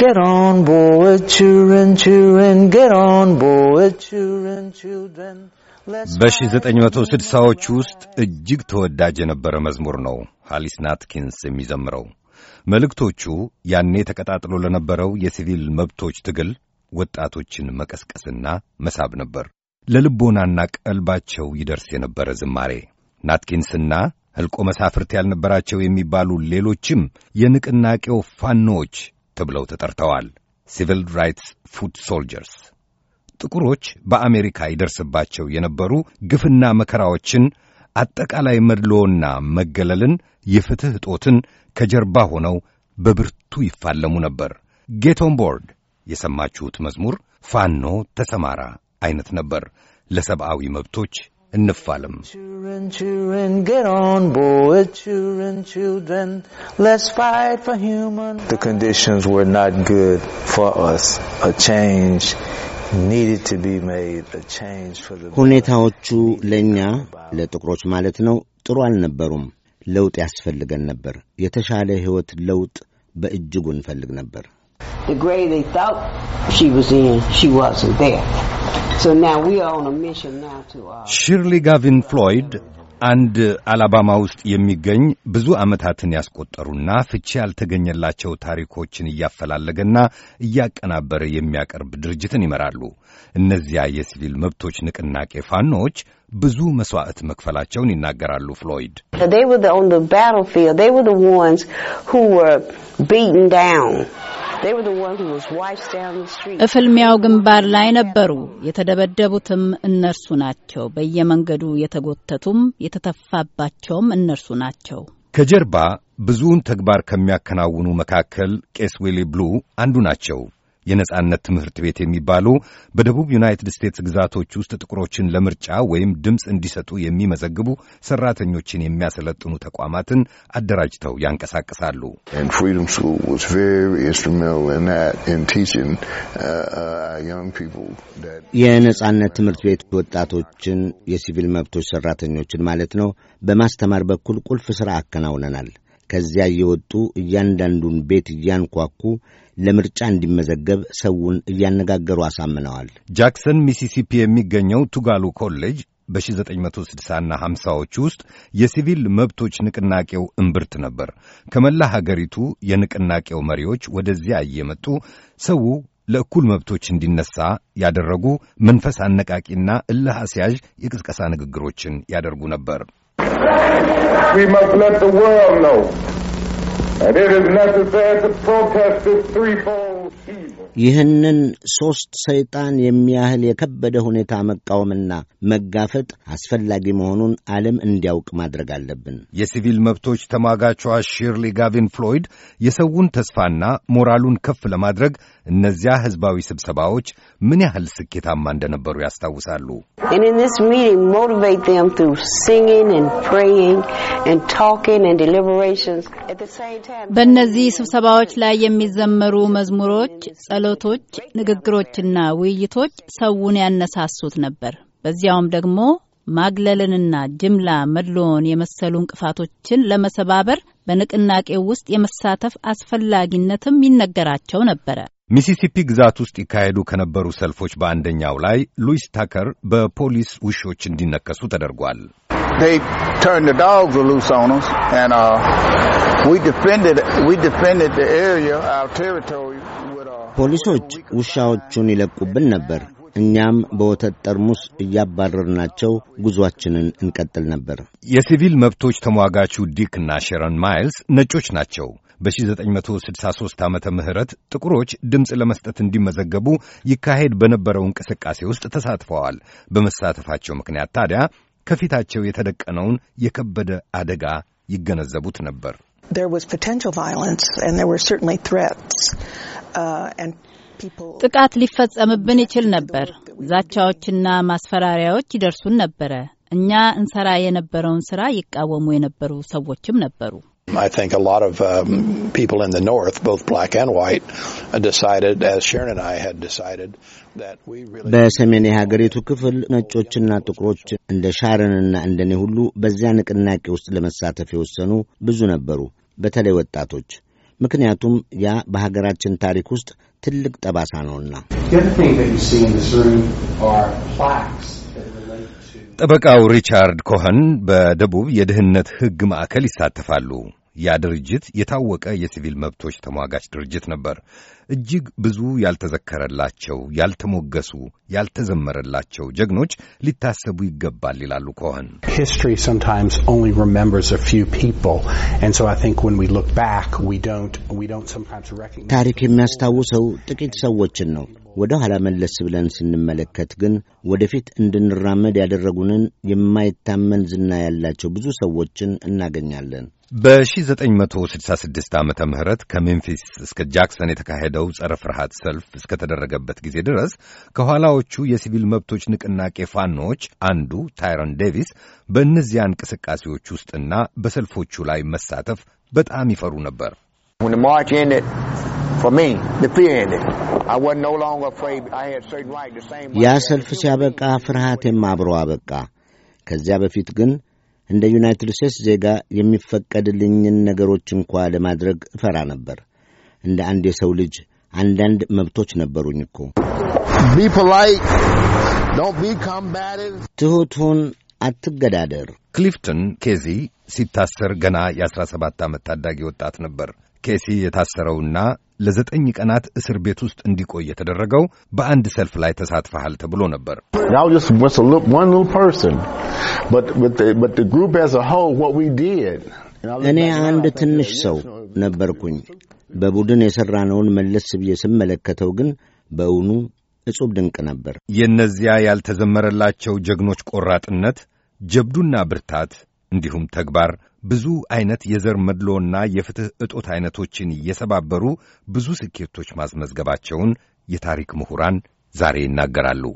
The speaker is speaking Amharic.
Get on board, children, children, get on board, children, children. በ1960ዎቹ ውስጥ እጅግ ተወዳጅ የነበረ መዝሙር ነው ሃሊስ ናትኪንስ የሚዘምረው። መልእክቶቹ ያኔ ተቀጣጥሎ ለነበረው የሲቪል መብቶች ትግል ወጣቶችን መቀስቀስና መሳብ ነበር። ለልቦናና ቀልባቸው ይደርስ የነበረ ዝማሬ ናትኪንስና ሕልቆ መሳፍርት ያልነበራቸው የሚባሉ ሌሎችም የንቅናቄው ፋኖዎች ተብለው ተጠርተዋል። ሲቪል ራይትስ ፉድ ሶልጀርስ ጥቁሮች በአሜሪካ ይደርስባቸው የነበሩ ግፍና መከራዎችን፣ አጠቃላይ መድሎና መገለልን፣ የፍትሕ እጦትን ከጀርባ ሆነው በብርቱ ይፋለሙ ነበር። ጌቶን ቦርድ የሰማችሁት መዝሙር ፋኖ ተሰማራ አይነት ነበር። ለሰብአዊ መብቶች እንፋለም። ሁኔታዎቹ ለእኛ ለጥቁሮች ማለት ነው ጥሩ አልነበሩም። ለውጥ ያስፈልገን ነበር። የተሻለ ሕይወት ለውጥ በእጅጉ እንፈልግ ነበር። ሺርሊ ጋቪን ፍሎይድ አንድ አላባማ ውስጥ የሚገኝ ብዙ ዓመታትን ያስቆጠሩና ፍቺ ያልተገኘላቸው ታሪኮችን እያፈላለገና እያቀናበረ የሚያቀርብ ድርጅትን ይመራሉ። እነዚያ የሲቪል መብቶች ንቅናቄ ፋኖዎች ብዙ መስዋዕት መክፈላቸውን ይናገራሉ። ፍሎይድ እፍልሚያው ግንባር ላይ ነበሩ። የተደበደቡትም እነርሱ ናቸው። በየመንገዱ የተጎተቱም የተተፋባቸውም እነርሱ ናቸው። ከጀርባ ብዙውን ተግባር ከሚያከናውኑ መካከል ቄስ ዊሊ ብሉ አንዱ ናቸው። የነጻነት ትምህርት ቤት የሚባሉ በደቡብ ዩናይትድ ስቴትስ ግዛቶች ውስጥ ጥቁሮችን ለምርጫ ወይም ድምፅ እንዲሰጡ የሚመዘግቡ ሰራተኞችን የሚያሰለጥኑ ተቋማትን አደራጅተው ያንቀሳቅሳሉ። uh, uh, የነጻነት ትምህርት ቤት ወጣቶችን፣ የሲቪል መብቶች ሰራተኞችን ማለት ነው፣ በማስተማር በኩል ቁልፍ ስራ አከናውነናል። ከዚያ እየወጡ እያንዳንዱን ቤት እያንኳኩ ለምርጫ እንዲመዘገብ ሰውን እያነጋገሩ አሳምነዋል። ጃክሰን ሚሲሲፒ የሚገኘው ቱጋሉ ኮሌጅ በ1960ና 50ዎች ውስጥ የሲቪል መብቶች ንቅናቄው እምብርት ነበር። ከመላ ሀገሪቱ የንቅናቄው መሪዎች ወደዚያ እየመጡ ሰው ለእኩል መብቶች እንዲነሳ ያደረጉ መንፈስ አነቃቂና እልህ አስያዥ የቅስቀሳ ንግግሮችን ያደርጉ ነበር። We must let the world know that it is necessary to protest this threefold. ይህንን ሦስት ሰይጣን የሚያህል የከበደ ሁኔታ መቃወምና መጋፈጥ አስፈላጊ መሆኑን ዓለም እንዲያውቅ ማድረግ አለብን። የሲቪል መብቶች ተሟጋቿ ሺርሊ ጋቪን ፍሎይድ የሰውን ተስፋና ሞራሉን ከፍ ለማድረግ እነዚያ ሕዝባዊ ስብሰባዎች ምን ያህል ስኬታማ እንደነበሩ ያስታውሳሉ። በእነዚህ ስብሰባዎች ላይ የሚዘመሩ መዝሙሮች ጸሎቶች፣ ንግግሮችና ውይይቶች ሰውን ያነሳሱት ነበር። በዚያውም ደግሞ ማግለልንና ጅምላ መድሎን የመሰሉ እንቅፋቶችን ለመሰባበር በንቅናቄው ውስጥ የመሳተፍ አስፈላጊነትም ይነገራቸው ነበረ። ሚሲሲፒ ግዛት ውስጥ ይካሄዱ ከነበሩ ሰልፎች በአንደኛው ላይ ሉዊስ ታከር በፖሊስ ውሾች እንዲነከሱ ተደርጓል። ፖሊሶች ውሻዎቹን ይለቁብን ነበር። እኛም በወተት ጠርሙስ እያባረርናቸው ጉዟችንን እንቀጥል ነበር። የሲቪል መብቶች ተሟጋቹ ዲክ እና ሼረን ማይልስ ነጮች ናቸው። በ1963 ዓመተ ምህረት ጥቁሮች ድምፅ ለመስጠት እንዲመዘገቡ ይካሄድ በነበረው እንቅስቃሴ ውስጥ ተሳትፈዋል። በመሳተፋቸው ምክንያት ታዲያ ከፊታቸው የተደቀነውን የከበደ አደጋ ይገነዘቡት ነበር። There was potential violence and there were certainly threats. Uh, and ጥቃት ሊፈጸምብን ይችል ነበር። ዛቻዎችና ማስፈራሪያዎች ይደርሱን ነበረ። እኛ እንሰራ የነበረውን ስራ ይቃወሙ የነበሩ ሰዎችም ነበሩ። I think a lot of um, people in the North, both black and white, decided, as Sharon and I had decided, that we really. በሰሜን የሀገሪቱ ክፍል ነጮችና ጥቁሮች እንደ ሻረንና እንደ እኔ ሁሉ በዚያ ንቅናቄ ውስጥ ለመሳተፍ የወሰኑ ብዙ ነበሩ፣ በተለይ ወጣቶች። ምክንያቱም ያ በሀገራችን ታሪክ ውስጥ ትልቅ ጠባሳ ነውና። ጠበቃው ሪቻርድ ኮኸን በደቡብ የድህነት ሕግ ማዕከል ይሳተፋሉ። ያ ድርጅት የታወቀ የሲቪል መብቶች ተሟጋች ድርጅት ነበር። እጅግ ብዙ ያልተዘከረላቸው፣ ያልተሞገሱ፣ ያልተዘመረላቸው ጀግኖች ሊታሰቡ ይገባል ይላሉ ኮኸን። ታሪክ የሚያስታውሰው ጥቂት ሰዎችን ነው። ወደ ኋላ መለስ ብለን ስንመለከት ግን ወደፊት እንድንራመድ ያደረጉንን የማይታመን ዝና ያላቸው ብዙ ሰዎችን እናገኛለን። በ1966 ዓ ም ከሜምፊስ እስከ ጃክሰን የተካሄደው ያለው ጸረ ፍርሃት ሰልፍ እስከተደረገበት ጊዜ ድረስ ከኋላዎቹ የሲቪል መብቶች ንቅናቄ ፋኖዎች አንዱ ታይረን ዴቪስ በእነዚያ እንቅስቃሴዎች ውስጥና በሰልፎቹ ላይ መሳተፍ በጣም ይፈሩ ነበር። ያ ሰልፍ ሲያበቃ ፍርሃቴም አብሮ አበቃ። ከዚያ በፊት ግን እንደ ዩናይትድ ስቴትስ ዜጋ የሚፈቀድልኝን ነገሮች እንኳ ለማድረግ እፈራ ነበር። እንደ አንድ የሰው ልጅ አንዳንድ መብቶች ነበሩኝ እኮ። ትሑቱን አትገዳደር። ክሊፍተን ኬሲ ሲታሰር ገና የ17 ዓመት ታዳጊ ወጣት ነበር። ኬሲ የታሰረውና ለዘጠኝ ቀናት እስር ቤት ውስጥ እንዲቆይ የተደረገው በአንድ ሰልፍ ላይ ተሳትፈሃል ተብሎ ነበር። እኔ አንድ ትንሽ ሰው ነበርኩኝ። በቡድን የሠራነውን መለስ ብዬ ስመለከተው ግን በእውኑ እጹብ ድንቅ ነበር። የእነዚያ ያልተዘመረላቸው ጀግኖች ቆራጥነት፣ ጀብዱና ብርታት እንዲሁም ተግባር ብዙ ዐይነት የዘር መድሎና የፍትሕ እጦት ዐይነቶችን እየሰባበሩ ብዙ ስኬቶች ማስመዝገባቸውን የታሪክ ምሁራን ዛሬ ይናገራሉ።